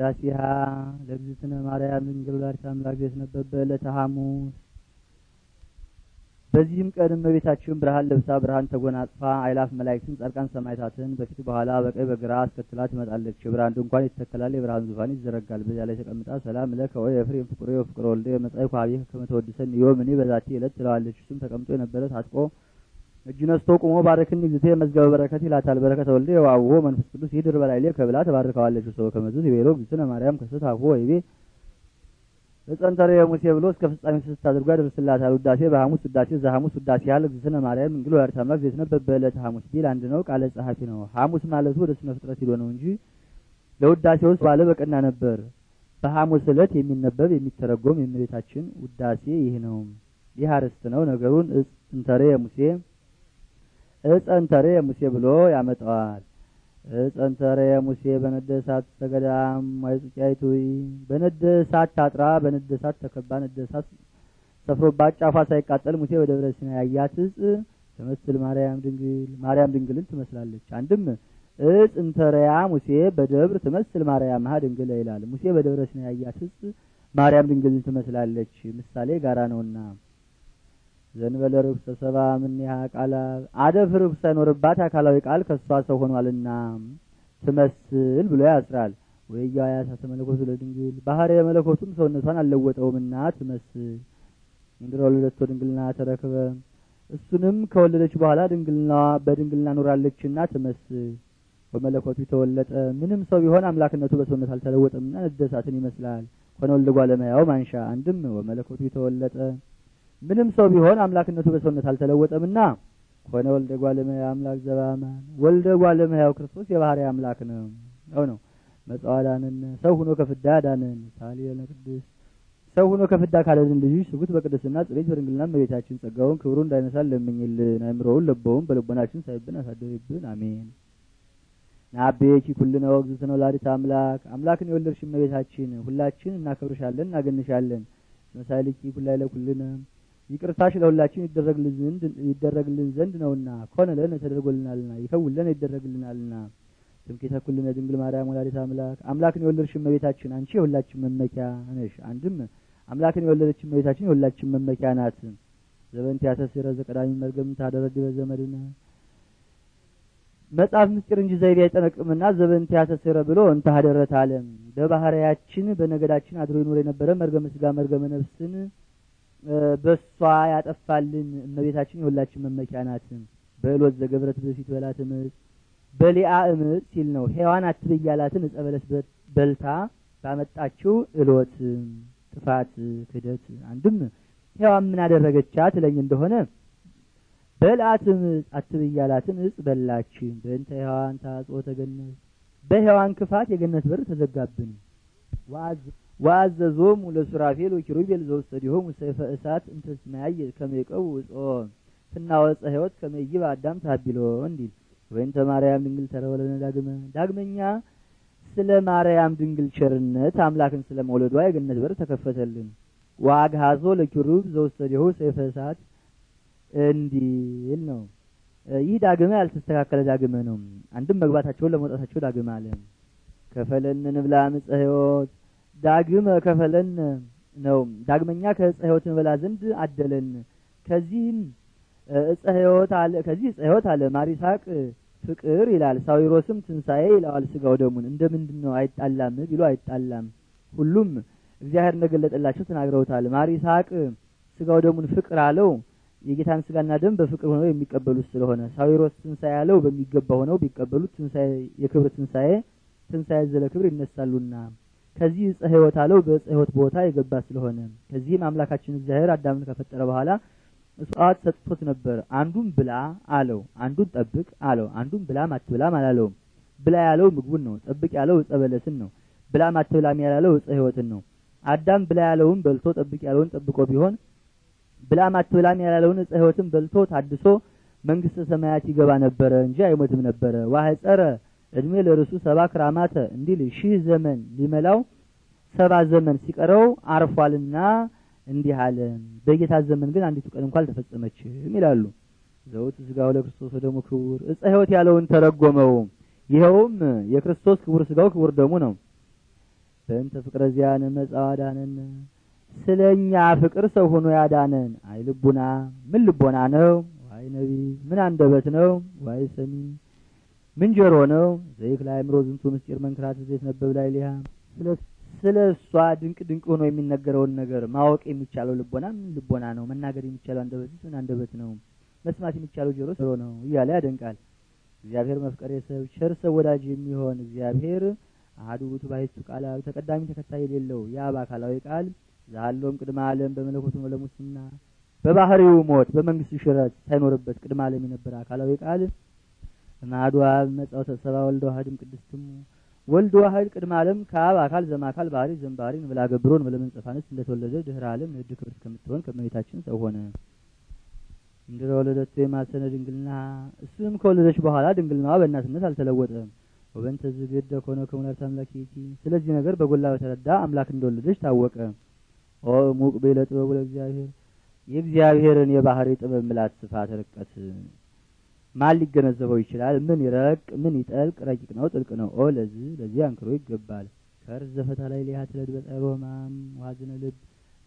ውዳሴሃ ለእግዝእትነ ማርያም ድንግል ወላዲተ አምላክ በነበበት በዕለተ ሐሙስ። በዚህም ቀን እመቤታችን ብርሃን ለብሳ ብርሃን ተጎናጽፋ አይላፍ መላእክትን፣ ጻድቃን ሰማዕታትን በፊት በኋላ በቀኝ በግራ አስከትላ ትመጣለች። የብርሃን ድንኳን ይተከላል፣ የብርሃን ዙፋን ይዘረጋል። በዚያ ላይ ተቀምጣ ሰላም ለከ የፍሬም ፍቁሬ ወፍቁረ ወልደ መጻእኩ ኀቤከ ከመ ተወድሰኒ ዮም እኔ በዛቲ ዕለት ትለዋለች። እሱም ተቀምጦ የነበረ ታጥቆ እጁ ነስቶ ቁሞ ባረክን ጊዜ መዝገበ በረከት ይላታል። በረከተ ወልደ የዋዎ መንፈስ ቅዱስ ይድር በላይሌ ከብላ ተባርከዋለች። ሰው ከመዝዝ ይቤሎ ግዝእትነ ማርያም ከሰት አፎ ወይቤ እጸንተረ የሙሴ ብሎ እስከ ፍጻሜ ስስት አድርጎ ያደርስላታል። ውዳሴ በሐሙስ ውዳሴ ዘሐሙስ ውዳሴ ያህል ግዝእትነ ማርያም እንግል ወላዲተ አምላክ ዘይትነበብ በዕለተ ሐሙስ ቢል አንድ ነው። ቃለ ጸሐፊ ነው። ሐሙስ ማለቱ ወደ ስነ ፍጥረት ሂዶ ነው እንጂ ለውዳሴ ውስጥ ባለ በቀና ነበር። በሐሙስ ዕለት የሚነበብ የሚተረጎም የእመቤታችን ውዳሴ ይህ ነው። ይህ አርዕስት ነው። ነገሩን እጽንተረ የሙሴ እጸንተሬ ሙሴ ብሎ ያመጣዋል። እጸንተሬ ሙሴ በነደሳት ተገዳም በነደሳት በነደ እሳት ታጥራ ተከባ ነደ ሰፍሮባት ጫፏ ሳይቃጠል ሙሴ በደብረ ሲና ያያት እጽ ተመስል ማርያም ድንግል ማርያም ድንግልን ትመስላለች። አንድም እጽ ሙሴ በደብር ትመስል ማርያም ሀ ድንግል ይላል። ሙሴ በደብረ ሲና ያያት እጽ ማርያም ድንግልን ትመስላለች ምሳሌ ጋራ ነውና ዘንበለ ርኩሰ ሰባ እምኔሃ ቃላ አደፍ ርኩሰ ኖርባት አካላዊ ቃል ከሷ ሰው ሆኗልና ትመስል ብሎ ያስራል። ወይያ ያሳተ መለኮቱ ለድንግል ባህሪ መለኮቱም ሰውነቷን አልለወጠውምና ትመስል እንድሮ ወለደቶ ድንግልና ተረክበ እሱንም ከወለደች በኋላ ድንግልና በድንግልና ኖራለችና ትመስል በመለኮቱ የተወለጠ ምንም ሰው ቢሆን አምላክነቱ በሰውነት አልተለወጠምና ነደሳትን ይመስላል። ኮነ ወልደ እጓለ ማንሻ አንድም ወመለኮቱ የተወለጠ ምንም ሰው ቢሆን አምላክነቱ በሰውነት አልተለወጠምና ሆነ ወልደ ጓለመ አምላክ ዘባማን ወልደ ጓለመ ያው ክርስቶስ የባህሪ አምላክ ነው ነው ነው መጽዋዳንን ሰው ሁኖ ከፍዳ ዳንን ሳሊ ቅዱስ ሰው ሁኖ ከፍዳ ካለን ልጅ ስጉት በቅድስና ጽሬት በድንግልና መቤታችን ጸጋውን ክብሩን እንዳይነሳል ለምኝልን አእምሮውን ለቦውን በልቦናችን ሳይብን አሳደርብን አሜን። ናቤኪ ኩልነ ነው ወላዲተ አምላክ አምላክን የወለድሽ መቤታችን ሁላችን እናከብርሻለን እናገንሻለን መሳይልኪ ኩላይ ለኩልነም ይቅርታሽ ለሁላችን ይደረግልን ዘንድ ነውና ኮነ ለነ ተደርጎልናልና ይከውን ለነ ይደረግልናልና ትምክህተ ኩልነ ድንግል ማርያም ወላዲተ አምላክ አምላክን የወለድሽ እመቤታችን አንቺ የሁላችን መመኪያ ነሽ። አንድም አምላክን የወለደች እመቤታችን የሁላችን መመኪያ ናት። ዘበንት ያተስረ ዘቀዳሚ መርገም ታደረድበ ዘመድነ መጽሐፍ ምስጢር እንጂ ዘይቤ አይጠነቅምና ዘበንት ያተስረ ብሎ እንታደረት አለም በባህሪያችን በነገዳችን አድሮ ይኖር የነበረ መርገመ ስጋ መርገመ ነፍስን በሷ ያጠፋልን እመቤታችን የሁላችን መመኪያ ናት። በእሎት ዘገብረት በፊት በላ ትምህርት በሊአ እምጥ ሲል ነው ሔዋን አትብይ ያላትን ዕፀ በለስ በልታ ባመጣችው እሎት ጥፋት፣ ክደት አንድም ሔዋን ምን አደረገቻ ትለኝ እንደሆነ በልአት እምጥ አትብይ እጽ በላች። በእንተ ሔዋን ታጽኦ ተገነት በሔዋን ክፋት የገነት በር ተዘጋብን። ዋዝ ወአዘዞሙ ለሱራፌል ወኪሩቤል ዘወሰዲሆሙ ሰይፈ እሳት እንተስማያየ ከመ ይቀቡ እጾም ፍናወፀ ህይወት ከመ አዳም ታቢሎ እንዲል ወይንተ ማርያም ድንግል ተረወለነ ዳግመ ዳግመኛ ስለ ማርያም ድንግል ቸርነት አምላክን ስለ መውለዷ የገነት በር ተከፈተልን። ዋግሃዞ ለኪሩብ ዘወሰዲሆ ሰይፈ እሳት እንዲል ነው። ይህ ዳግመ ያልተስተካከለ ዳግመ ነው። አንድም መግባታቸውን ለመውጣታቸው ዳግመ አለ። ከፈለን ንብላ ምጸ ህይወት ዳግም ከፈለን ነው። ዳግመኛ ከእፀ ሕይወት እንበላ ዘንድ አደለን። ከዚህም እፀ ሕይወት አለ ከዚህ እፀ ሕይወት አለ ማሪሳቅ ፍቅር ይላል። ሳዊሮስም ትንሣኤ ይለዋል። ስጋው ደሙን እንደ ምንድን ነው አይጣላም ቢሉ አይጣላም። ሁሉም እግዚአብሔር እንደገለጠላቸው ተናግረውታል። ማሪሳቅ ስጋው ደሙን ፍቅር አለው። የጌታን ስጋና ደም በፍቅር ሆነው የሚቀበሉት ስለሆነ ሳዊሮስ ትንሣኤ ያለው በሚገባ ሆነው ቢቀበሉት ትንሣኤ የክብር ትንሣኤ ትንሣኤ ዘለ ክብር ይነሳሉና ከዚህ እፀ ህይወት አለው በእፀ ህይወት ቦታ የገባ ስለሆነ ከዚህም አምላካችን እግዚአብሔር አዳምን ከፈጠረ በኋላ እጽዋት ሰጥቶት ነበር። አንዱን ብላ አለው፣ አንዱን ጠብቅ አለው። አንዱን ብላም አትብላም አላለውም። ብላ ያለው ምግቡን ነው። ጠብቅ ያለው እፀ በለስን ነው። ብላም አትብላም ያላለው እፀ ህይወትን ነው። አዳም ብላ ያለውን በልቶ ጠብቅ ያለውን ጠብቆ ቢሆን ብላም አትብላም ያላለውን እጸ ህይወትን በልቶ ታድሶ መንግስተ ሰማያት ይገባ ነበረ እንጂ አይሞትም ነበረ። ጸረ እድሜ ለርሱ ሰባ ክራማተ እንዲል ሺህ ዘመን ሊመላው ሰባ ዘመን ሲቀረው አርፏልና እንዲህ አለ። በጌታ ዘመን ግን አንዲቱ ቀን እንኳን አልተፈጸመችም ይላሉ። ዘውት ስጋው ለክርስቶስ ወደሙ ክቡር እፀ ህይወት ያለውን ተረጎመው። ይኸውም የክርስቶስ ክቡር ስጋው ክቡር ደሙ ነው። በእንተ ፍቅረ ዚያነ መጻው አዳነን፣ ስለኛ ፍቅር ሰው ሆኖ ያዳነን። አይ ልቡና ምን ልቦና ነው? ዋይ ነቢ ምን አንደበት ነው? ዋይ ሰሚ ምን ጆሮ ነው ዘይፍ ላይ አእምሮ ዝንቱ ምስጢር መንክራት ዘይት ነበብ ላይ ሊሃ ስለ እሷ ድንቅ ድንቅ ሆኖ የሚነገረውን ነገር ማወቅ የሚቻለው ልቦና ምን ልቦና ነው? መናገር የሚቻለው አንደበት ምን አንደበት ነው? መስማት የሚቻለው ጆሮ ጆሮ ነው እያለ ያደንቃል። እግዚአብሔር መፍቀር የሰብ ቸር ሰብ ወዳጅ የሚሆን እግዚአብሔር አህዱ ውእቱ ባሕቲቱ ቃለ ተቀዳሚ ተከታይ የሌለው ያ በአካላዊ ቃል ዛሎም ቅድመ ዓለም በመለኮቱ ለሙስና በባህሪው ሞት በመንግስቱ ሽረት ሳይኖርበት ቅድመ ዓለም የነበረ አካላዊ ቃል ከማዶ አብ መጻው ተሰባ ወልደ ዋህድም ቅድስትሙ ወልድ ዋህድ ቅድመ ዓለም ከአብ አካል ዘማካል ባህሪ ዘምባሪ ብላ ገብሮን በለመንጸፋንስ እንደተወለደ ድህረ ዓለም ንድ ክብር እስከምትሆን ከመቤታችን ሰው ሆነ። እንድረ ወለደቱ የማሰነ ድንግልና እሱም ከወለደች በኋላ ድንግልናዋ በእናትነት አልተለወጠም። ወበንተ ዝግደ ኮነ ከሙላት አምላክ ቲ ስለዚህ ነገር በጎላ በተረዳ አምላክ እንደወለደች ታወቀ። ኦ ሙቅ ቤለ ጥበቡ ለእግዚአብሔር የእግዚአብሔርን የባህሪ ጥበብ ምላት ስፋ ተረቀት ማን ሊገነዘበው ይችላል? ምን ይረቅ ምን ይጠልቅ? ረቂቅ ነው ጥልቅ ነው። ኦ ለዚህ ለዚህ አንክሮ ይገባል። ከርዝ ዘፈታ ላይ ሊሃ ትለድ በጸሮ ህማም ዋዝነ ልብ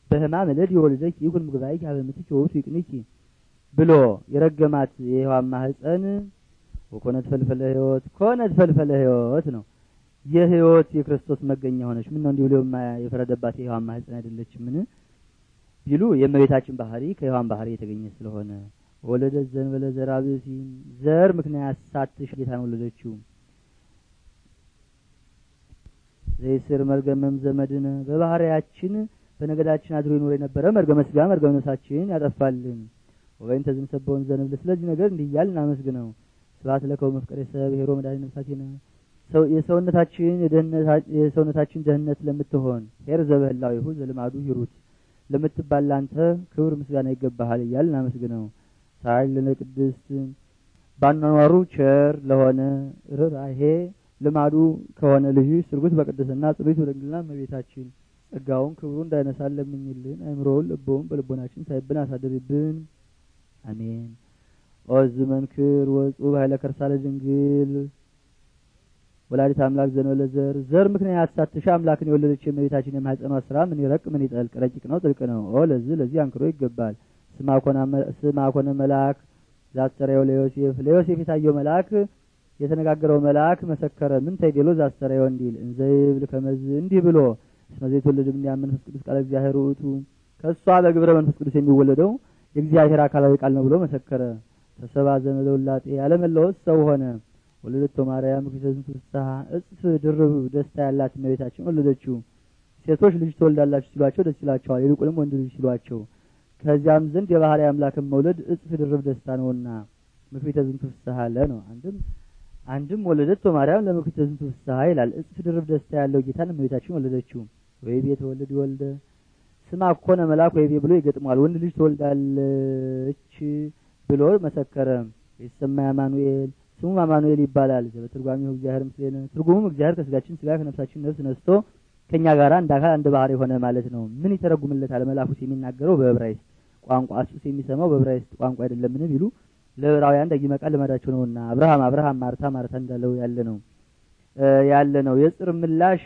በህማም እልድ የወልደች ይሁን ምግባይች አበምትች ወብቱ ይቅንች ብሎ የረገማት የሔዋን ማህፀን ወኮነት ፈልፈለ ህይወት ኮነት ፈልፈለ ህይወት ነው የህይወት የክርስቶስ መገኛ ሆነች። ምን ነው እንዲህ ብሎ የፈረደባት የሔዋን ማህፀን አይደለችምን ቢሉ የእመቤታችን ባህሪ ከህዋን ባህሪ የተገኘ ስለሆነ ወለደት ዘንበለ ዘራብሲ ዘር ምክንያት ሳትሽ ጌታን ወለደችው። ዘይስር መርገመም ዘመድነ በባህሪያችን በነገዳችን አድሮ ይኖር የነበረ መርገመ ስጋ መርገመ ነፍሳችን ያጠፋልን ወይም ተዝም ሰበውን ዘንብል። ስለዚህ ነገር እንዲህ እያል እናመስግነው። ስብሐት ለከው መፍቀሬ የሰብ ሄሮ መድኃኒ ነፍሳችን የሰውነታችን የሰውነታችን ደህንነት ለምትሆን ሄር ዘበህላዊሁ ዘልማዱ ይሩት ለምትባል ላንተ ክብር ምስጋና ይገባሃል እያል እናመስግነው። ሳይል ለቅድስት ባኗኗሩ ቸር ለሆነ ርኅራኄ ልማዱ ከሆነ ልጅ ስርጉት በቅድስና ጽቤት በድንግልና መቤታችን ጸጋውን ክብሩ እንዳይነሳን ለምኝልን። አእምሮውን ልቦውን በልቦናችን ሳይብን አሳድርብን። አሜን። ኦዝ መንክር ወጹ በኃይለ ከርሳ ለድንግል ወላዲት አምላክ ዘንበለ ዘር ዘር ምክንያት ሳትሻ አምላክን የወለደች የመቤታችን የማኅፀኗ ስራ ምን ይረቅ ምን ይጠልቅ ረቂቅ ነው ጥልቅ ነው። ኦ ለዚህ ለዚህ አንክሮ ይገባል። ስማኮነ መልአክ ዛስተረዮ ለዮሴፍ ለዮሴፍ የታየው መልአክ የተነጋገረው መልአክ መሰከረ ምን ተይደሎ ዛስተረዮ እንዲል እንዘይብል ከመዝ እንዲህ ብሎ እስመ ዘይትወልድ እምድኅናን መንፈስ ቅዱስ ቃለ እግዚአብሔር ውእቱ ከእሷ በግብረ መንፈስ ቅዱስ የሚወለደው የእግዚአብሔር አካላዊ ቃል ነው ብሎ መሰከረ። ተሰባ ዘመደ ውላጤ ያለመለወጥ ሰው ሆነ። ወለደቶ ማርያም ኪሰዝንቱ ፍስሐ እጽፍ ድርብ ደስታ ያላት እመቤታችን ወለደችው። ሴቶች ልጅ ትወልዳላችሁ ሲሏቸው ደስ ይላቸዋል፣ ይልቁንም ወንድ ልጅ ሲሏቸው ከዚያም ዘንድ የባህሪ አምላክን መውለድ እጽፍ ድርብ ደስታ ነውና ምክቢተ ዝንቱ ፍስሐ አለ ነው። አንድም አንድም ወለደት ማርያም ለምክቢተ ዝንቱ ፍስሐ ይላል። እጽፍ ድርብ ደስታ ያለው ጌታን እመቤታችን ወለደችው። ወይ ቤት ወልድ ይወልደ ስማ ኮነ መልአክ ወይ ቤት ብሎ ይገጥመዋል። ወንድ ልጅ ትወልዳለች ብሎ መሰከረ። ይሰማ አማኑኤል ስሙም አማኑኤል ይባላል። በትርጓሜው እግዚአብሔር ምስሌነ ትርጉሙም እግዚአብሔር ከስጋችን ስጋ ከነፍሳችን ነፍስ ነስቶ ከኛ ጋራ እንደ አካል አንድ ባህሪ የሆነ ማለት ነው። ምን ይተረጉምለታል መልአኩ ሲሚናገረው በዕብራይስጥ ቋንቋ ሱስ የሚሰማው በዕብራይስጥ ቋንቋ አይደለምን ቢሉ ለዕብራውያን ደጊመ ቃል ልማዳቸው ነውና አብርሃም አብርሃም ማርታ ማርታ እንዳለው ያለ ነው ያለ ነው። የጽር ምላሽ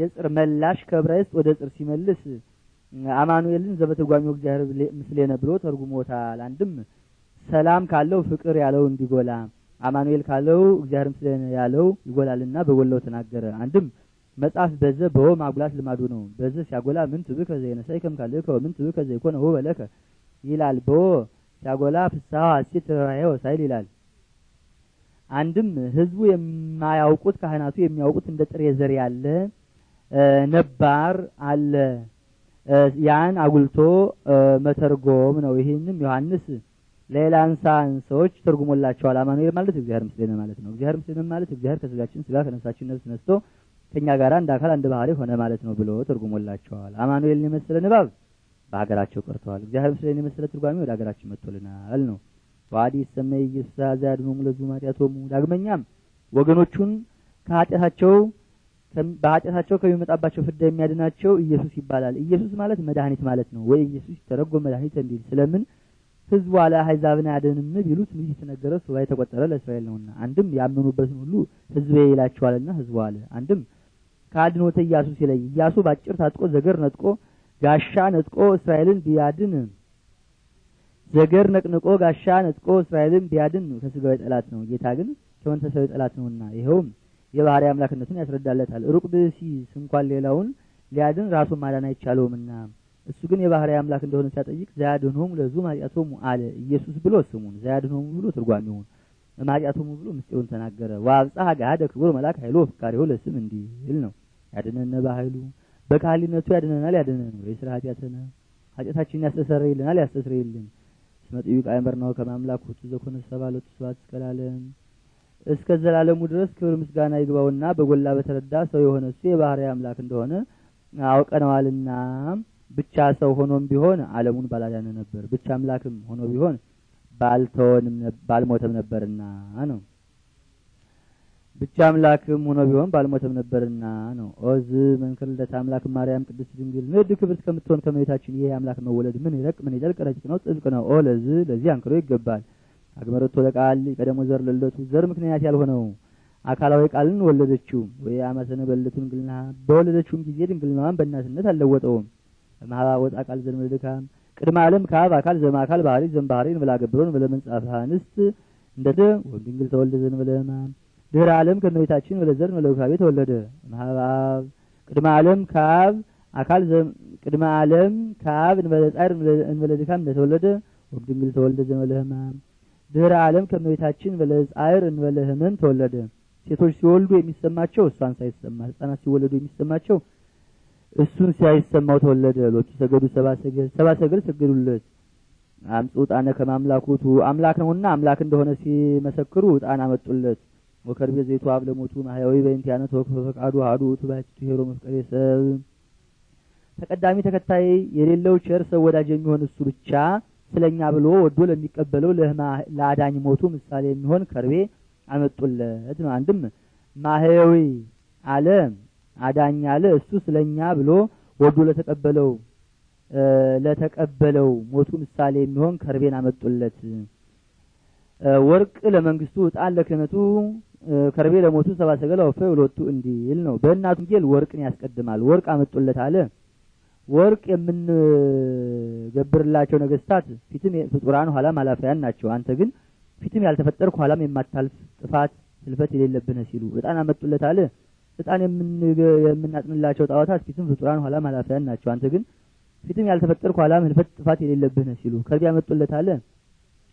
የጽር መላሽ ከዕብራይስጥ ወደ ጽር ሲመልስ አማኑኤልን ዘበትርጓሚው እግዚአብሔር ምስሌነ ብሎ ተርጉሞታል። አንድም ሰላም ካለው ፍቅር ያለው እንዲጎላ አማኑኤል ካለው እግዚአብሔር ምስሌነ ያለው ይጎላልና በጎላው ተናገረ። አንድም መጽሐፍ በዘ በወ ማጉላት ልማዱ ነው። በዘ ሲያጎላ ምን ትብከ ዘይነሳይከም ካልእከ ወምን ትብከ ዘይኮነ ውህ በለከ ይላል። በወ ሲያጎላ ፍስሐ ሐሴት ርኅራኄ ወሳይል ይላል። አንድም ህዝቡ የማያውቁት ካህናቱ የሚያውቁት እንደ ጥሬ ዘር ያለ ነባር አለ። ያን አጉልቶ መተርጎም ነው። ይህንም ዮሐንስ ሌላ እንሳን ሰዎች ተርጉሞላቸዋል። አማኑኤል ማለት እግዚአብሔር ምስሌነ ማለት ነው። እግዚአብሔር ምስሌነ ማለት እግዚአብሔር ከስጋችን ስጋ ከነፍሳችን ነፍስ ነስቶ ከእኛ ጋር አንድ አካል አንድ ባህሪ ሆነ ማለት ነው ብሎ ተርጉሞላቸዋል። አማኑኤልን የመሰለ ንባብ በሀገራቸው ቀርተዋል። እግዚአብሔር ምስለን የመሰለ ትርጓሜ ወደ ሀገራችን መጥቶልናል ነው ዋዲ ሰመይ ኢየሱስ አዛድሙ ለዙ ማጥያቶሙ። ዳግመኛም ወገኖቹን ከኃጢአታቸው በኃጢአታቸው ከሚመጣባቸው ፍዳ የሚያድናቸው ኢየሱስ ይባላል። ኢየሱስ ማለት መድኃኒት ማለት ነው። ወይ ኢየሱስ ተረጎ መድኃኒት እንዲል ስለምን ህዝቡ አለ አህዛብን አያድንም ቢሉት ምን የተነገረ ሱባ የተቆጠረ ለእስራኤል ነውና፣ አንድም ያመኑበትን ሁሉ ህዝቤ ይላቸዋልና ህዝቡ አለ አንድም ከአድኖተ ኢያሱ ሲለይ ኢያሱ ባጭር ታጥቆ ዘገር ነጥቆ ጋሻ ነጥቆ እስራኤልን ቢያድን ዘገር ነቅንቆ ጋሻ ነጥቆ እስራኤልን ቢያድን ከስጋዊ ጠላት ነው። ጌታ ግን ከሆን ጠላት ነውና ይኸውም የባህሪ አምላክነቱን ያስረዳለታል። ሩቅ ብእሲስ እንኳን ሌላውን ሊያድን ራሱን ማዳን አይቻለውምና እሱ ግን የባህሪ አምላክ እንደሆነ ሲያጠይቅ ዘያድንሆሙ ለዙ ኃጢአቶሙ አለ ኢየሱስ ብሎ ስሙን ዘያድንሆሙ ብሎ ትርጓሚውን ማርያቱም ብሎ ምስጢሩን ተናገረ። ዋብጻሐ ገሃደ ክቡር መልአክ ኃይሉ ፍቃሪሁ ለስም እንዲል ነው። ያድነነ በኃይሉ በካህሊነቱ ያድነናል። ያድነን ወይስራ ኃጢአተነ ኃጢአታችንን ያስተሰርይልናል። ያስተሰርይልን ስመጥዩ ቃ በርናው ከማምላክ ሁቱ ዘኮነ ሰባለቱ ሰባት እስከላለም እስከ ዘላለሙ ድረስ ክብር ምስጋና ይግባውና በጎላ በተረዳ ሰው የሆነ እሱ የባህሪ አምላክ እንደሆነ አውቀነዋልና ብቻ ሰው ሆኖም ቢሆን ዓለሙን ባላዳነ ነበር። ብቻ አምላክም ሆኖ ቢሆን ባልተወንም ባልሞተም ነበርና ነው። ብቻ አምላክም ሆኖ ቢሆን ባልሞተም ነበርና ነው። ኦዝ መንክር ልደት አምላክ ማርያም ቅድስት ድንግል ንድ ክብር እስከምትሆን ከመቤታችን ይሄ አምላክ መወለድ ምን ይረቅ ምን ይደልቅ ረቂቅ ነው፣ ጽድቅ ነው። ኦለዝ ለዚህ አንክሮ ይገባል። አግመረቶ ለቃል ቀደሞ ዘር ለለቱ ዘር ምክንያት ያልሆነው አካላዊ ቃልን ወለደችው ወይ አመሰነ በለቱ ድንግልና በወለደችውም ጊዜ ድንግልናዋን በእናትነት አልለወጠውም። በማህባ ወጣ ቃል ዘር ዘንመድካም ቅድመ ዓለም ከአብ አካል ዘመ አካል ባህሪ ዘም ባህሪ ንብላ ገብሮን ብለ መንጻፈ አንስት እንደደ ወድንግል ተወልደ ዘንበለ ማም ድህረ ዓለም ዘር ብለ ወለካቤ ተወለደ እምኀበ አብ ቅድመ ዓለም ከአብ አካል ቅድመ ዓለም ከአብ እንበለ ጻር እንበለ ድካም እንደተወለደ ወድንግል ተወልደ ዘንበለ ህማም ድህረ ዓለም ከመቤታችን እንበለ ጻር እንበለ ህመም ተወለደ ሴቶች ሲወልዱ የሚሰማቸው እሷን ሳይሰማ ህጻናት ሲወለዱ የሚሰማቸው እሱን ሲያይሰማው ተወለደ። ሎቹ ሰገዱ፣ ሰባ ሰገል ሰባ ሰገል ሰገዱለት። አምጡ ዕጣነ ከማምላኩቱ አምላክ ነውና አምላክ እንደሆነ ሲመሰክሩ ዕጣን አመጡለት። ወከርቤ ዘይቱ አብ ለሞቱ ማህያዊ በእንቲያነ ተወክፈ ፈቃዱ አዱ ውእቱ ሄሮ ኄሮ መፍቀሬ ሰብ ተቀዳሚ ተከታይ የሌለው ቸር ሰው ወዳጅ የሚሆን እሱ ብቻ ስለኛ ብሎ ወዶ ለሚቀበለው ለህማ ለአዳኝ ሞቱ ምሳሌ የሚሆን ከርቤ አመጡለት ነው። አንድም ማህያዊ አለ አዳኝ አለ እሱ ስለኛ ብሎ ወዶ ለተቀበለው ለተቀበለው ሞቱ ምሳሌ የሚሆን ከርቤን አመጡለት። ወርቅ ለመንግስቱ፣ እጣን ለክህነቱ፣ ከርቤ ለሞቱ፣ ሰባ ሰገል ወእፌ ለወቱ እንዲል ነው። በእናቱ ወንጌል ወርቅን ያስቀድማል። ወርቅ አመጡለት አለ። ወርቅ የምንገብርላቸው ነገስታት ፊትም ፍጡራን ኋላም ኃላፊያን ናቸው። አንተ ግን ፊትም ያልተፈጠርክ ኋላም የማታልፍ ጥፋት፣ ስልፈት የሌለብህ ሲሉ ዕጣን አመጡለት አለ። ዕጣን የምናጥንላቸው ጣዖታት ፊትም ፍጡራን ኋላም ኃላፊያን ናቸው። አንተ ግን ፊትም ያልተፈጠርክ ኋላም ህልፈት ጥፋት የሌለብህ ነህ ሲሉ ከዚያ ያመጡለት አለ።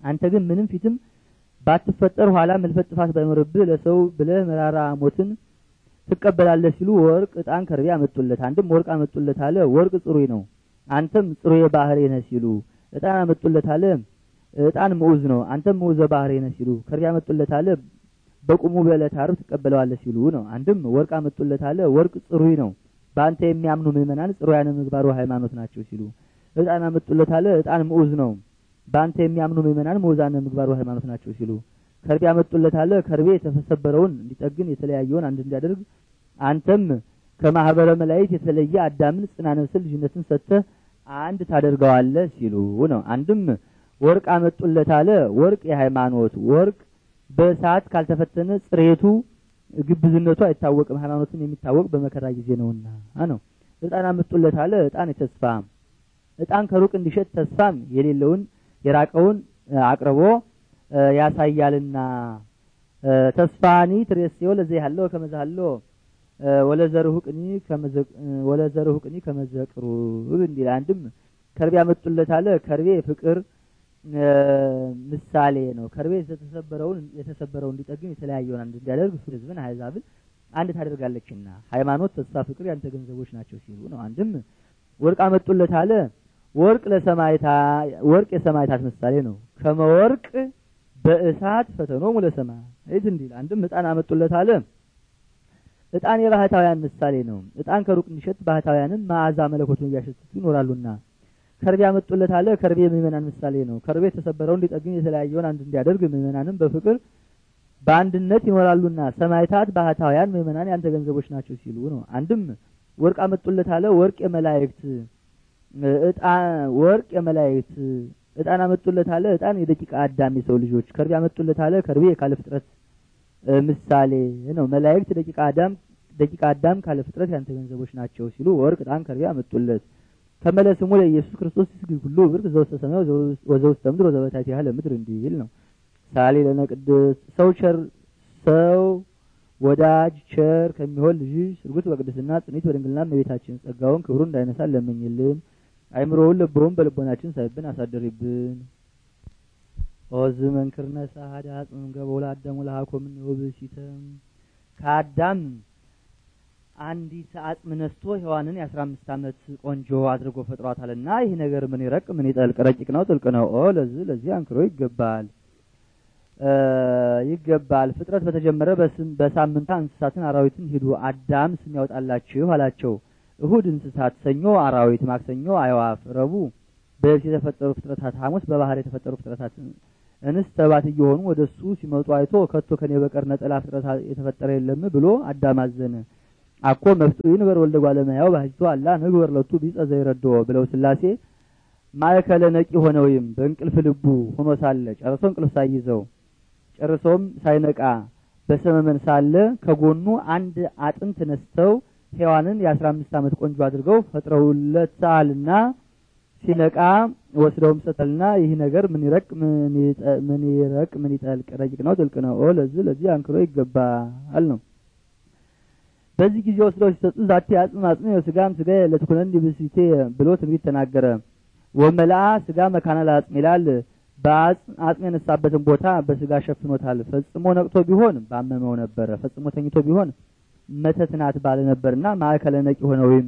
አንተ ግን ምንም ፊትም ባትፈጠር ኋላም ህልፈት ጥፋት ባይኖርብህ ለሰው ብለህ መራራ ሞትን ትቀበላለህ ሲሉ ወርቅ፣ እጣን ከርቤ አመጡለት። አንድም ወርቅ አመጡለት አለ። ወርቅ ጽሩይ ነው፣ አንተም ጽሩየ ባህሬ ነህ ሲሉ እጣን አመጡለት አለ። እጣን ምዑዝ ነው፣ አንተም ምዑዘ ባህሬ ነህ ሲሉ ከርቤ አመጡለት አለ። በቁሙ በዕለተ አርብ ትቀበለዋለህ ሲሉ ነው። አንድም ወርቅ አመጡለት አለ። ወርቅ ጽሩይ ነው፣ በአንተ የሚያምኑ ምእመናን ጽሩያነ ምግባሩ ሃይማኖት ናቸው ሲሉ። እጣን አመጡለት አለ። እጣን ምዑዝ ነው፣ በአንተ የሚያምኑ ምእመናን ምዑዛነ ምግባሩ ሃይማኖት ናቸው ሲሉ። ከርቤ አመጡለት አለ። ከርቤ የተሰበረውን እንዲጠግን የተለያየውን አንድ እንዲያደርግ አንተም ከማህበረ መላእክት የተለየ አዳምን ጽና ነፍስን ልጅነትን ሰጥተህ አንድ ታደርገዋለህ ሲሉ ነው። አንድም ወርቅ አመጡለት አለ። ወርቅ የሃይማኖት ወርቅ በእሳት ካልተፈተነ ጽሬቱ ግብዝነቱ አይታወቅም። ሃይማኖትን የሚታወቅ በመከራ ጊዜ ነውና ነው። እጣን አምጡለት አለ። እጣን የተስፋ እጣን ከሩቅ እንዲሸጥ ተስፋም የሌለውን የራቀውን አቅርቦ ያሳያልና ተስፋኒ ትሬስዮ ለዚህ ያለው ከመዛሎ ወለዘርሁቅኒ ወለዘርሁቅኒ ከመዘቅሩ እንዲል አንድም ከርቤ ያመጡለት አለ። ከርቤ ፍቅር ምሳሌ ነው። ከርቤ የተሰበረውን የተሰበረው እንዲጠግም የተለያየ አንድ እንዲያደርግ እሱ ህዝብን አሕዛብን አንድ ታደርጋለችና ሃይማኖት፣ ተስፋ፣ ፍቅር ያንተ ገንዘቦች ናቸው ሲሉ ነው። አንድም ወርቅ አመጡለት አለ። ወርቅ ለሰማይታ ወርቅ የሰማይታት ምሳሌ ነው። ከመወርቅ በእሳት ፈተኖሙ ለሰማዕት እንዲል። አንድም ዕጣን አመጡለት አለ። እጣን የባህታውያን ምሳሌ ነው። እጣን ከሩቅ እንዲሸት ባህታውያንም መዓዛ መለኮቱን እያሸቱ ይኖራሉና ከርቤ አለ። ከርቤ የምእመናን ምሳሌ ነው። ከርቤ የተሰበረው እንዲጠግን የተለያየውን አንድ እንዲያደርግ ምእመናንም በፍቅር በአንድነት ይኖራሉና ሰማይታት ባህታውያን ምእመናን ያንተ ገንዘቦች ናቸው ሲሉ ነው። አንድም ወርቅ አመጡለት አለ። ወርቅ የመላእክት እጣ ወርቅ የመላእክት እጣን አመጡለት አለ። እጣን የደቂቃ አዳም የሰው ልጆች። ከርቤ አመጡለት አለ። ከርቤ የካለ ፍጥረት ምሳሌ ነው። መላእክት ደቂቃ አዳም ደቂቃ አዳም ካለ ፍጥረት ያንተ ገንዘቦች ናቸው ሲሉ ወርቅ፣ እጣን፣ ከርቤ አመጡለት። ተመለስ ሙለ ኢየሱስ ክርስቶስ ይስግድ ሁሉ ብርክ ዘውስተ ሰማይ ወዘውስተ ምድር ወዘበታቲሃ ለምድር እንዲል ነው። ሳሌ ለነ ቅድስት ሰው ቸር ሰው ወዳጅ ቸር ከሚሆን ልጅ ስርጉት በቅድስና ጽኒት በድንግልና እመቤታችን ጸጋውን ክብሩን እንዳይነሳ ለምኝልን። አይምሮውን ልቦውን በልቦናችን ሳይብን አሳደሪብን። ኦዝ መንክርነ ሳሃዳ ጽምገ በውላደሙ ለሃኮምን ወብሲተም ከአዳም አንዲት አጽም ነስቶ ሔዋንን የአስራ አምስት ዓመት ቆንጆ አድርጎ ፈጥሯታልና ይህ ነገር ምን ይረቅ ምን ይጠልቅ? ረቂቅ ነው ጥልቅ ነው። ኦ ለዚህ ለዚህ አንክሮ ይገባል ይገባል። ፍጥረት በተጀመረ በሳምንታ እንስሳትን አራዊትን ሂዱ አዳም ስም ያወጣላችሁ አላቸው። እሁድ እንስሳት፣ ሰኞ አራዊት፣ ማክሰኞ አዕዋፍ፣ ረቡዕ በየብስ የተፈጠሩ ፍጥረታት፣ ሐሙስ በባህር የተፈጠሩ ፍጥረታት እንስት ተባት እየሆኑ ወደ እሱ ሲመጡ አይቶ ከቶ ከኔ በቀር ነጠላ ፍጥረት የተፈጠረ የለም ብሎ አዳም አዘነ። አኮ መፍጡ መፍጡን በርወልደ ጓለማያው ባህጅቶ አላ ንግበር ለቱ ቢጸ ዘይረድዎ ብለው ስላሴ ማዕከለ ነቂ ሆነ ወይም በእንቅልፍ ልቡ ሆኖ ሳለ ጨርሶ እንቅልፍ ሳይዘው ጨርሶም ሳይነቃ በሰመመን ሳለ ከጎኑ አንድ አጥንት ነስተው ሔዋንን የአስራ አምስት ዓመት ቆንጆ አድርገው ፈጥረውለታልና ሲነቃ ወስደውም ሰተልና ይህ ነገር ምን ይረቅ ምን ይረቅ ምን ይጠልቅ ረቂቅ ነው ጥልቅ ነው ለዚህ ለዚህ አንክሮ ይገባል ነው በዚህ ጊዜ ወስደው ሲሰጡ ዛቲ አጽናጽን የስጋም ስጋ ለትኩነን ብስቴ ብሎ ትንቢት ተናገረ። ወመልአ ስጋ መካናል አጽም ይላል። በአጽም የነሳበትን ቦታ በስጋ ሸፍኖታል። ፈጽሞ ነቅቶ ቢሆን ባመመው ነበረ። ፈጽሞ ተኝቶ ቢሆን መተትናት ባለ ነበርና ማዕከለ ነቂ ሆነ ወይም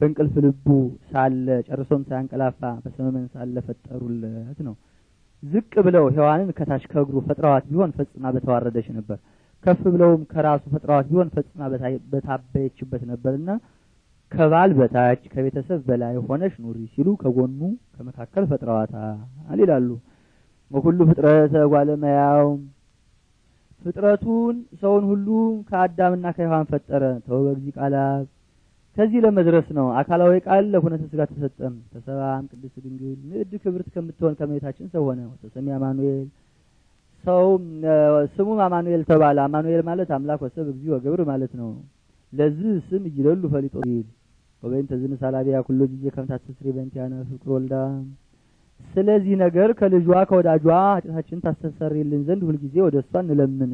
በእንቅልፍ ልቡ ሳለ ጨርሶም ሳያንቀላፋ በሰመመን ሳለ ፈጠሩለት ነው። ዝቅ ብለው ሔዋንን ከታች ከእግሩ ፈጥረዋት ቢሆን ፈጽማ በተዋረደች ነበር። ከፍ ብለውም ከራሱ ፈጥረዋት ቢሆን ፈጽማ በታበየችበት ነበርና ከባል በታች ከቤተሰብ በላይ ሆነሽ ኑሪ ሲሉ ከጎኑ ከመካከል ፈጥረዋታል ይላሉ። ሁሉ ፍጥረተ ጓለመያው ፍጥረቱን ሰውን ሁሉ ከአዳምና ከሔዋን ፈጠረ። ተወበግዚ ቃላት ከዚህ ለመድረስ ነው አካላዊ ቃል ለሁነተ ስጋ ተሰጠም። ተሰባም ቅድስት ድንግል ንዕድ ክብርት ከምትሆን ከመቤታችን ሰው ሆነ። ወተሰሚ አማኑኤል ሰው ስሙ አማኑኤል ተባለ። አማኑኤል ማለት አምላክ ወሰብ እግዚኦ ወገብር ማለት ነው። ለዚህ ስም ይለሉ ፈሊጦ ይል ወበይን ተዝን ሳላቢያ ኩሎ ጊዜ ከምታት ስስሪ በእንቲያነ ፍቅር ወልዳ ስለዚህ ነገር ከልጇ ከወዳጇ ኃጢአታችን ታስተሰርይልን ዘንድ ሁልጊዜ ወደ እሷ እንለምን።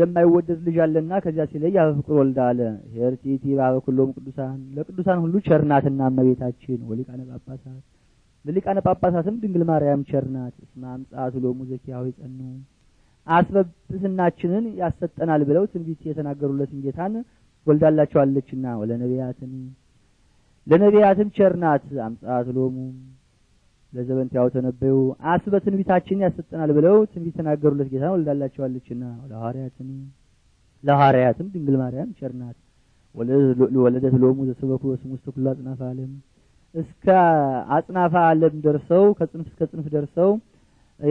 የማይወደድ ልጅ አለና ከዚያ ሲለይ አበ ፍቅር ወልዳ አለ ሄርቲቲ በአበ ኩሎም ቅዱሳን ለቅዱሳን ሁሉ ቸርናትና እመቤታችን ወሊቃነ ጳጳሳት ለሊቃነ ጳጳሳትም ድንግል ማርያም ቸርናት ማምጻቱ ሎሙ ዘኪያው ጸኑ አስበብስናችንን ያሰጠናል ብለው ትንቢት የተናገሩለትን ጌታን ወልዳላቸዋለችና ወለነቢያትን ለነቢያትም ቸርናት አምጻቱ ሎሙ ለዘበንት ያው ተነበዩ አስበ ትንቢታችንን ያሰጠናል ብለው ትንቢት የተናገሩለት ጌታን ወልዳላቸዋለችና ወለሐዋርያትን ለሐዋርያትም ድንግል ማርያም ቸርናት ወለደት ሎሙ ዘሰበኩ በስሙ ውስተ ኩሉ አጽናፈ ዓለም እስከ አጽናፈ ዓለም ደርሰው ከጽንፍ እስከ ጽንፍ ደርሰው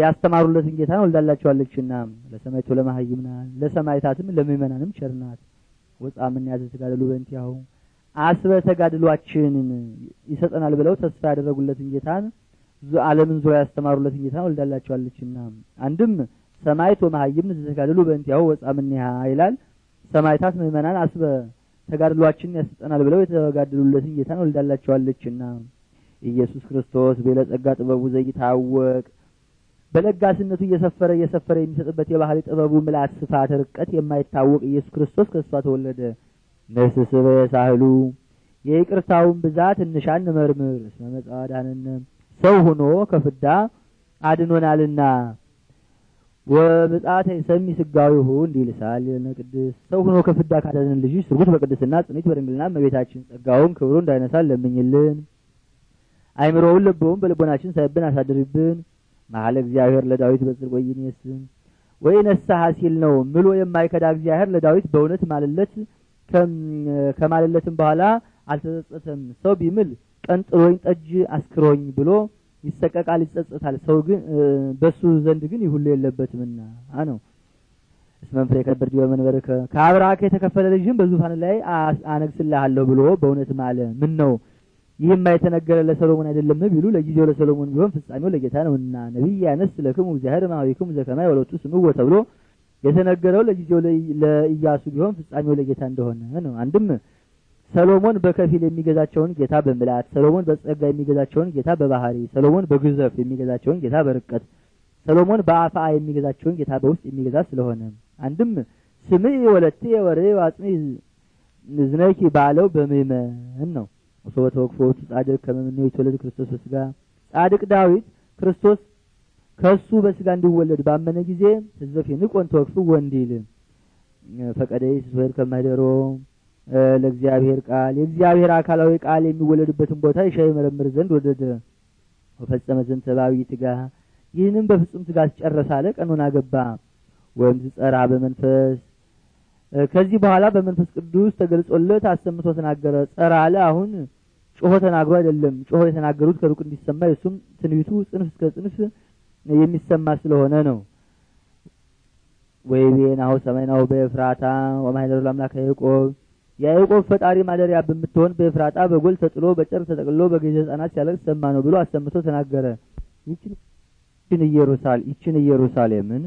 ያስተማሩለትን ጌታ ወልዳላቸዋለችና ለሰማይቱ ለማህይምና ለሰማይታትም ለምእመናንም ቸርናት ምን ያዘ ተጋደሉ በእንቲያሁ አስበ ተጋድሏችንን ይሰጠናል ብለው ተስፋ ያደረጉለትን ጌታን ዓለምን ዙሪያ ያስተማሩለትን ጌታ ወልዳላቸዋለችና አንድም ሰማይት ወመሀይምን ዘተጋደሉ ምን ያ ይላል ሰማይታት ምእመናን አስበ ተጋድሏችን ያስጠናል ብለው የተጋደሉለትን ጌታን ወልዳላቸዋለችና ኢየሱስ ክርስቶስ በለጸጋ ጥበቡ ዘይታወቅ በለጋስነቱ እየሰፈረ እየሰፈረ የሚሰጥበት የባህሪ ጥበቡ ምልአት፣ ስፋት፣ ርቀት የማይታወቅ ኢየሱስ ክርስቶስ ከእሷ ተወለደ። ስበ ሳህሉ የይቅርታውን ብዛት እንሻን መርምር እስመ ሰው ሆኖ ከፍዳ አድኖናልና ወብጻተ ሰሚ ስጋዊሁ እንዲል ይልሳል ቅዱስ ሰው ሆኖ ከፍዳ ካዳነን ልጅ ስርጉት በቅድስና ጽንት በድንግልና እመቤታችን ጸጋውን ክብሩን እንዳይነሳል ለምኝልን። አይምሮውን ልቦውን በልቦናችን ሳይብን አሳድርብን። መሀል እግዚአብሔር ለዳዊት በጽድቅ ወይኔስም ወይ ነሳሐ ሲል ነው ምሎ የማይከዳ እግዚአብሔር ለዳዊት በእውነት ማለለት ከማለለትም በኋላ አልተጸጸተም። ሰው ቢምል ቀን ጠጅ አስክሮኝ ብሎ ይሰቀቃል፣ ይጸጸታል። ሰው ግን በሱ ዘንድ ግን ይሁሉ የለበትምና ነው። እስመ ከበር ከበርድ በመንበርከ ከአብራከ የተከፈለ ልጅም በዙፋን ላይ አነግስልሃለሁ ብሎ በእውነት ማለ። ምን ነው ይህማ የተነገረ ለሰሎሞን አይደለም ቢሉ ለጊዜው ለሰሎሞን ቢሆን ፍጻሜው ለጌታ ነውና ነቢይ ያነስ ለክሙ እግዚአብሔር ማህበይኩም ዘከማይ ወለቱ ስምዎ ተብሎ የተነገረው ለጊዜው ለኢያሱ ቢሆን ፍጻሜው ለጌታ እንደሆነ ነው። አንድም ሰሎሞን በከፊል የሚገዛቸውን ጌታ በምልአት ሰሎሞን በጸጋ የሚገዛቸውን ጌታ በባህሪ ሰሎሞን በግዘፍ የሚገዛቸውን ጌታ በርቀት ሰሎሞን በአፋ የሚገዛቸውን ጌታ በውስጥ የሚገዛ ስለሆነ አንድም ስምዕ ወለት ወሬ አጽኒ ንዝነኪ ባለው በምእመን ነው ሰወተ ወክፎ ጻድቅ ከመምኔ የተወለደ ክርስቶስ በስጋ ጻድቅ ዳዊት ክርስቶስ ከሱ በስጋ እንዲወለድ ባመነ ጊዜ ህዝበፊ ንቆን ተወክፍ ወንዲል ፈቀደይ ስወድ ከመደሮ ለእግዚአብሔር ቃል የእግዚአብሔር አካላዊ ቃል የሚወለድበትን ቦታ ይሻ ይመረምር ዘንድ ወደደ ወፈጸመ ዘንድ ሰብአዊ ትጋ ይህንም በፍጹም ትጋ ሲጨረሳ አለ። ቀኖና ገባ ወይም ዝጸራ በመንፈስ ከዚህ በኋላ በመንፈስ ቅዱስ ተገልጾለት አሰምቶ ተናገረ። ጸራ አለ አሁን ጮሆ ተናግሮ አይደለም። ጮሆ የተናገሩት ከሩቅ እንዲሰማ የእሱም ትንቢቱ ጽንፍ እስከ ጽንፍ የሚሰማ ስለሆነ ነው። ወይቤ ናሁ ሰማይ ናሁ በኤፍራታ ወማኅደረ ለአምላከ ያዕቆብ የያዕቆብ ፈጣሪ ማደሪያ በምትሆን በፍራጣ በጎል ተጥሎ በጨርቅ ተጠቅሎ በጊዜ ህጻናት ሲያለቅስ ሰማ ነው ብሎ አሰምቶ ተናገረ። ይችን ኢየሩሳሌም ይችን ኢየሩሳሌምን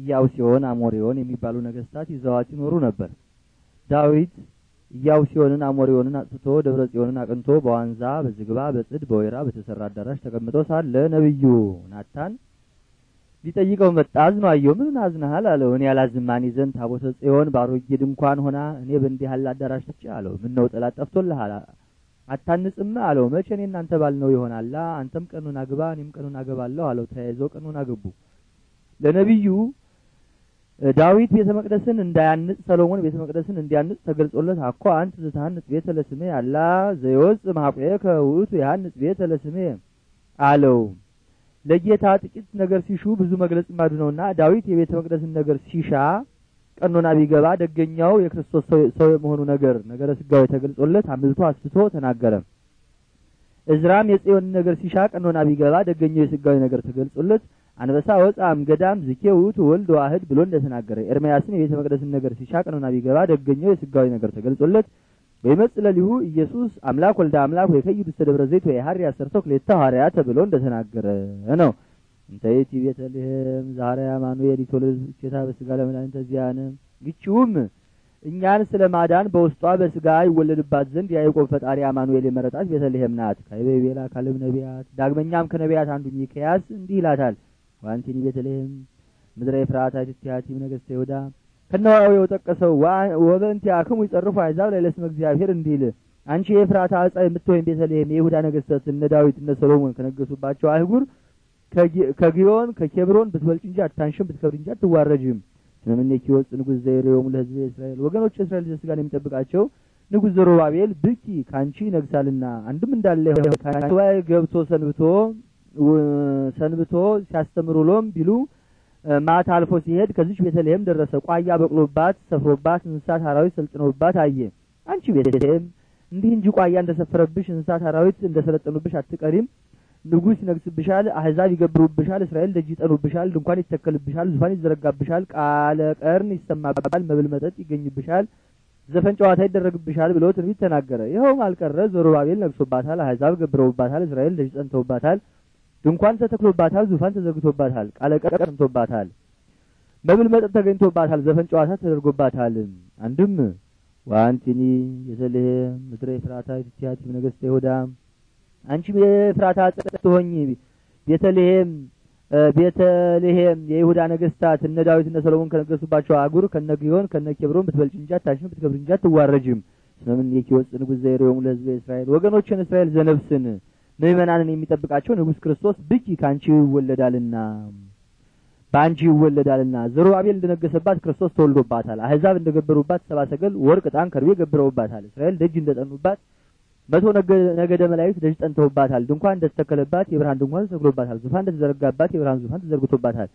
ኢያው ሲሆን አሞሪዮን የሚባሉ ነገስታት ይዘዋት ይኖሩ ነበር። ዳዊት ኢያው ሲሆንን አሞሪዮንን አጥፍቶ ደብረ ጽዮንን አቅንቶ በዋንዛ በዝግባ በጽድ በወይራ በተሰራ አዳራሽ ተቀምጦ ሳለ ነቢዩ ናታን ሊጠይቀው መጣ። አዝኖ አየው። ምን አዝናሃል አለው። እኔ ያላዝማን ዘንድ ታቦተ ጽዮን ባሮጌ ድንኳን ሆና እኔ በእንዲህ ያለ አዳራሽ ትቼ አለው። ምን ነው ጠላት ጠፍቶልሃል? አታንጽም አለው። መቼ እኔ እናንተ ባል ነው ይሆናላ። አንተም ቀኑን አግባ እኔም ቀኑን አገባለሁ አለው። ተያይዘው ቀኑን አገቡ። ለነቢዩ ዳዊት ቤተ መቅደስን እንዳያንጽ ሰሎሞን ቤተ መቅደስን እንዲያንጽ ተገልጾለት አኮ አንተ ዘታንጽ ቤተ ለስሜ አላ ዘይወጽእ ማቆየ ከውቱ ያንጽ ቤተ ለስሜ አለው። ለጌታ ጥቂት ነገር ሲሹ ብዙ መግለጽ ማዱ ነውና ዳዊት የቤተ መቅደስን ነገር ሲሻ ቀኖና ቢገባ ደገኛው የክርስቶስ ሰው የመሆኑ ነገር ነገረ ስጋዊ ተገልጾለት አምልቶ አስፍቶ ተናገረ። እዝራም የጽዮን ነገር ሲሻ ቀኖና ቢገባ ደገኛው የስጋዊ ነገር ተገልጾለት አንበሳ ወፃም ገዳም ዝኬ ውእቱ ወልድ ዋህድ ብሎ እንደተናገረ ኤርምያስን የቤተ መቅደስን ነገር ሲሻ ቀኖና ቢገባ ደገኛው የስጋዊ ነገር ተገልጾለት በይመጽለሊሁ ኢየሱስ አምላክ ወልደ አምላክ ወይ ከይዱ ተደብረ ዘይት ወይ ሀሪ አሰርተው ክሌታ ሀሪያ ተብሎ እንደተናገረ ነው። እንተ እንተይቲ ቤተልሔም ዛሬ አማኑኤል ይቶልዝ ጌታ በስጋ ለመድኃኒተ ዚአነ ግችውም እኛን ስለ ማዳን በውስጧ በስጋ ይወለድባት ዘንድ የያዕቆብ ፈጣሪ አማኑኤል የመረጣት ቤተልሔም ናት። ከቤቤላ ካልብ ነቢያት ዳግመኛም ከነቢያት አንዱ ሚክያስ እንዲህ ይላታል ዋንቲኒ ቤተልሔም ምድረ ኤፍራታ ትትያቲ ነገሥተ ይሁዳ ከነዋዊ የጠቀሰው ወበንቲ አክሙ ይጸርፉ አሕዛብ ላይ ለስመ እግዚአብሔር እንዲል አንቺ የፍራታ ዕፀ የምትሆን ቤተልሔም የይሁዳ ነገስታት እነ ዳዊት እነ ሰሎሞን ከነገሱባቸው አህጉር ከጊዮን ከኬብሮን ብትበልጭ እንጂ አታንሽም፣ ብትከብድ እንጂ አትዋረጅም። ስመምኔኪ ወፅ ንጉሥ ዘይሬዮም ለህዝብ እስራኤል ወገኖች እስራኤል ዘሥጋን የሚጠብቃቸው ንጉሥ ዘሩባቤል ብቂ ከአንቺ ይነግሳልና አንድም እንዳለ ገብቶ ሰንብቶ ሰንብቶ ሲያስተምር ውሎም ቢሉ ማታ አልፎ ሲሄድ ከዚች ቤተልሔም ደረሰ። ቋያ በቅሎባት፣ ሰፍሮባት፣ እንስሳት አራዊት ሰልጥኖባት አየ። አንቺ ቤተልሔም እንዲህ እንጂ ቋያ እንደሰፈረብሽ፣ እንስሳት አራዊት እንደሰለጠኑብሽ አትቀሪም። ንጉሥ ይነግስብሻል፣ አህዛብ ይገብሩብሻል፣ እስራኤል ደጅ ይጠኑብሻል፣ ድንኳን ይተከልብሻል፣ ዙፋን ይዘረጋብሻል፣ ቃለ ቀርን ይሰማባል፣ መብል መጠጥ ይገኝብሻል፣ ዘፈን ጨዋታ ይደረግብሻል ብሎ ትንቢት ተናገረ። ይኸውም አልቀረ፣ ዘሩባቤል ነግሶባታል፣ አህዛብ ገብረውባታል፣ እስራኤል ደጅ ጸንተውባታል። ድንኳን ተተክሎባታል፣ ዙፋን ተዘግቶባታል፣ ቃለ ቀቀር ሰምቶባታል፣ መብል መጠጥ ተገኝቶባታል፣ ዘፈን ጨዋታ ተደርጎባታል። አንድም ዋንቲኒ የተልሄ ምድረ ኤፍራታ ኢትቲሃት ነገስተ ይሁዳ አንቺ የኤፍራታ ጸጥ ሆኚ ቤተልሔም ቤተልሔም የይሁዳ ነገስታት እነ ዳዊት እነ ሰሎሞን ከነገሱባቸው አጉር ከነ ግዮን ከነ ኬብሮን ብትበልጭ እንጃ ታሽን ብትከብድ እንጃ ትዋረጅም። ስለምን የኪወፅ ንጉሥ ዘይሬ የሙ ለሕዝበ እስራኤል ወገኖችን እስራኤል ዘነብስን ምእመናንን የሚጠብቃቸው ንጉሥ ክርስቶስ ብኪ ከአንቺ ይወለዳልና በአንቺ ይወለዳልና ዘሩባቤል እንደነገሰባት ክርስቶስ ተወልዶባታል። አሕዛብ እንደገበሩባት ሰብአ ሰገል ወርቅ፣ ዕጣን፣ ከርቤ ገብረውባታል። እስራኤል ደጅ እንደጠኑባት መቶ ነገደ መላእክት ደጅ ጠንተውባታል። ድንኳን እንደተተከለባት የብርሃን ድንኳን ተተክሎባታል። ዙፋን እንደተዘረጋባት የብርሃን ዙፋን ተዘርግቶባታል።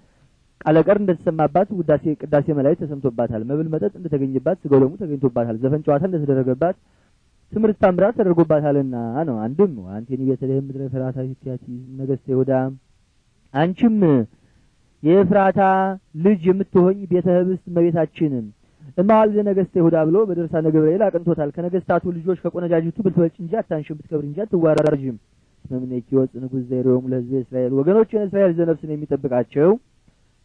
ቀለቀር እንደተሰማባት ውዳሴ ቅዳሴ መላእክት ተሰምቶባታል። መብል መጠጥ እንደተገኘባት ስጋ ተገኝቶባታል። ዘፈን ጨዋታ እንደተደረገባት ትምህርት ታምራት ተደርጎባታልና ነው። አንድም አንቴን የቤተልሔም ምድረ ፍራታ ሲትያቺ ነገሥተ ይሁዳ አንቺም የፍራታ ልጅ የምትሆኝ ቤተ ህብስት መቤታችን እማል ነገሥተ ይሁዳ ብሎ በደርሳነ ገብርኤል አቅንቶታል። ከነገስታቱ ልጆች ከቆነጃጅቱ ብትበልጭ እንጂ አታንሽም፣ ብትከብር እንጂ አትዋረጅም። ስመምኔኪ ወፅ ንጉስ ዘይሮም ለህዝበ እስራኤል ወገኖች እስራኤል ዘነፍስን የሚጠብቃቸው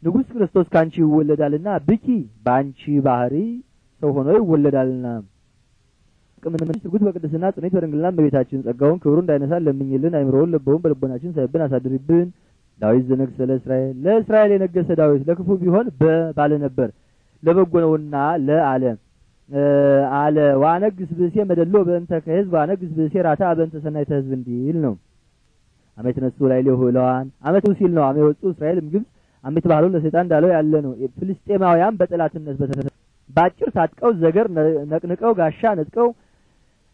ንጉስ ክርስቶስ ከአንቺ ይወለዳልና ብኪ በአንቺ ባህሪ ሰው ሆኖ ይወለዳልና ጥቅምንምን ጉት በቅድስና ጽኔት በድንግልና እመቤታችን ጸጋውን ክብሩ እንዳይነሳ ለምኝልን። አይምሮውን ለበውን በልቦናችን ሰብብን አሳድሪብን። ዳዊት ዘነግሰ ለእስራኤል ለእስራኤል የነገሰ ዳዊት ለክፉ ቢሆን በባለ ነበር ለበጎ ነውና ለአለ አለ ዋነግስ ብእሴ መደሎ በእንተ ከህዝብ ዋነግስ ብእሴ ራታ በእንተ ሰናይ ተህዝብ እንዲል ነው። አመት ነሱ ላይ ሊሆ ለዋን አመት ሲል ነው። አመት ወጡ እስራኤልም ግብጽ አመት ባህሉ ለሰይጣን እንዳለው ያለ ነው። ፍልስጤማውያን በጠላትነት በተሰ ባጭር ታጥቀው ዘገር ነቅንቀው ጋሻ ነጥቀው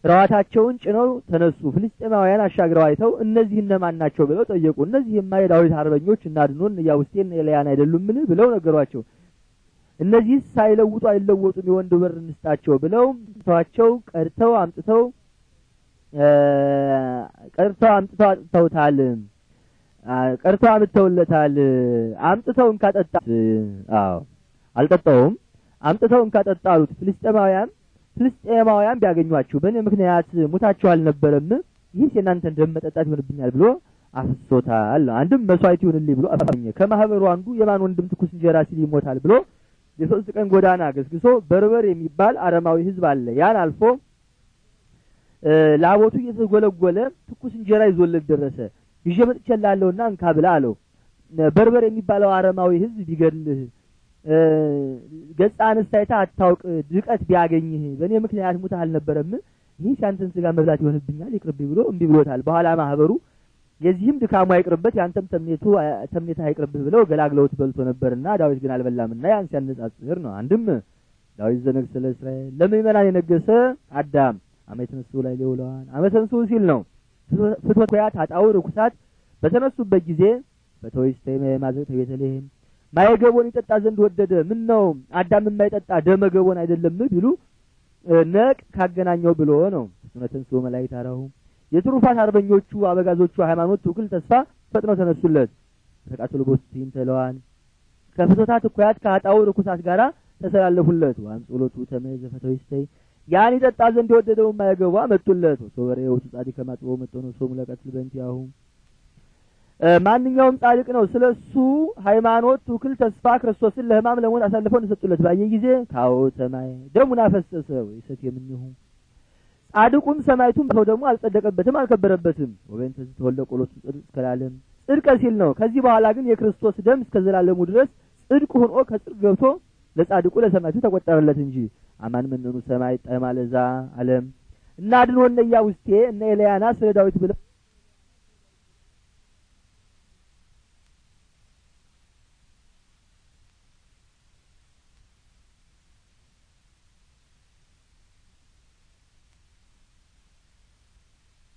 ራዋታቸውን ጭነው ተነሱ። ፍልስጤማውያን አሻግረው አይተው እነዚህ እነማን ናቸው ብለው ጠየቁ። እነዚህማ የዳዊት አርበኞች እና ድኖን ኢያቡስቴን ኤልያን አይደሉምን ብለው ነገሯቸው። እነዚህ ሳይለውጡ አይለወጡም፣ የወንድ በር እንስጣቸው ብለው ተዋቸው። ቀርተው አምጥተው ቀርተው አምጥተው አጥተውታል። ቀርተው አምጥተውለታል። አምጥተው እንካጠጣ አዎ አልጠጣውም። አምጥተው እንካጠጣ አሉት ፍልስጤማውያን ፍልስጤማውያን ቢያገኟችሁ በእኔ ምክንያት ሙታችሁ አልነበረም? ይህ የእናንተን ደም መጠጣት ይሆንብኛል ብሎ አፍሶታል። አንድም መስዋዕት ይሁንልኝ ብሎ አፈኘ። ከማህበሩ አንዱ የማን ወንድም ትኩስ እንጀራ ሲል ይሞታል ብሎ የሶስት ቀን ጎዳና ገስግሶ በርበር የሚባል አረማዊ ህዝብ አለ። ያን አልፎ ላቦቱ እየተጎለጎለ ትኩስ እንጀራ ይዞለት ደረሰ። ይዤ መጥቼልሃለሁና እንካ ብላ አለው። በርበር የሚባለው አረማዊ ህዝብ ቢገድልህ ገጻ አነሳይታ አታውቅ ድቀት ቢያገኝህ በእኔ ምክንያት ሙት አልነበረም ይህ ሲያንተን ስጋ መብላት ይሆንብኛል ይቅርብ ብሎ እምቢ ብሎታል። በኋላ ማህበሩ የዚህም ድካሙ አይቅርበት ያንተም ተምኔቱ ተምኔታ አይቅርብህ ብለው ገላግለውት በልቶ ነበርና ዳዊት ግን አልበላምና ያን ሲያነጻጽር ነው። አንድም ዳዊት ዘነግሠ ለእስራኤል ለምእመናን የነገሰ አዳም አመተንሱ ላይ ሌውለዋን አመተንሱ ሲል ነው ፍትወት ያት አጣው ርኩሳት በተነሱበት ጊዜ ተይመ ማዘቅተ ቤተልሔም ማየገቦን ይጠጣ ዘንድ ወደደ። ምን ነው አዳም የማይጠጣ ደመገቦን አይደለም ቢሉ ነቅ ካገናኘው ብሎ ነው። እስመ ተንሥኡ መላእክት አራሁ የትሩፋት አርበኞቹ አበጋዞቹ ሃይማኖት ትውክል ተስፋ ፈጥነው ተነሱለት። ተቃጥሎ ቦስቲን ተለዋን ከፍቶታት እኩያት ከአጣው ርኩሳት ጋራ ተሰላለፉለት። ዋም ጸሎቱ ተመዘ ይስተይ ያን ይጠጣ ዘንድ የወደደውን ማየገቧ መጡለት። ሶበሬ ጻዲ ከማጥቦ ማጥቦ መጠኖ ሶሙ ለቀትል በእንቲአሁ ማንኛውም ጻድቅ ነው ስለ እሱ ሃይማኖት ትውክል ተስፋ ክርስቶስን ለህማም ለሞት አሳልፈው እንደሰጡለት ባየ ጊዜ ካዎ ሰማይ ደሙን አፈሰሰ ወይ ሰት የምንሁ ጻድቁም ሰማይቱም ሰው ደግሞ አልጸደቀበትም፣ አልከበረበትም። ወገን ተዝ ተወልደ ቆሎስ ጽድቅ እስከላለም ጽድቀ ሲል ነው። ከዚህ በኋላ ግን የክርስቶስ ደም እስከ ዘላለሙ ድረስ ጽድቅ ሆኖ ከጽድቅ ገብቶ ለጻድቁ ለሰማይቱ ተቆጠረለት እንጂ አማን መንኑ ሰማይ ጠማለዛ አለም እና ድኖነ ውስቴ እነ ኤልያና ስለ ዳዊት ብለው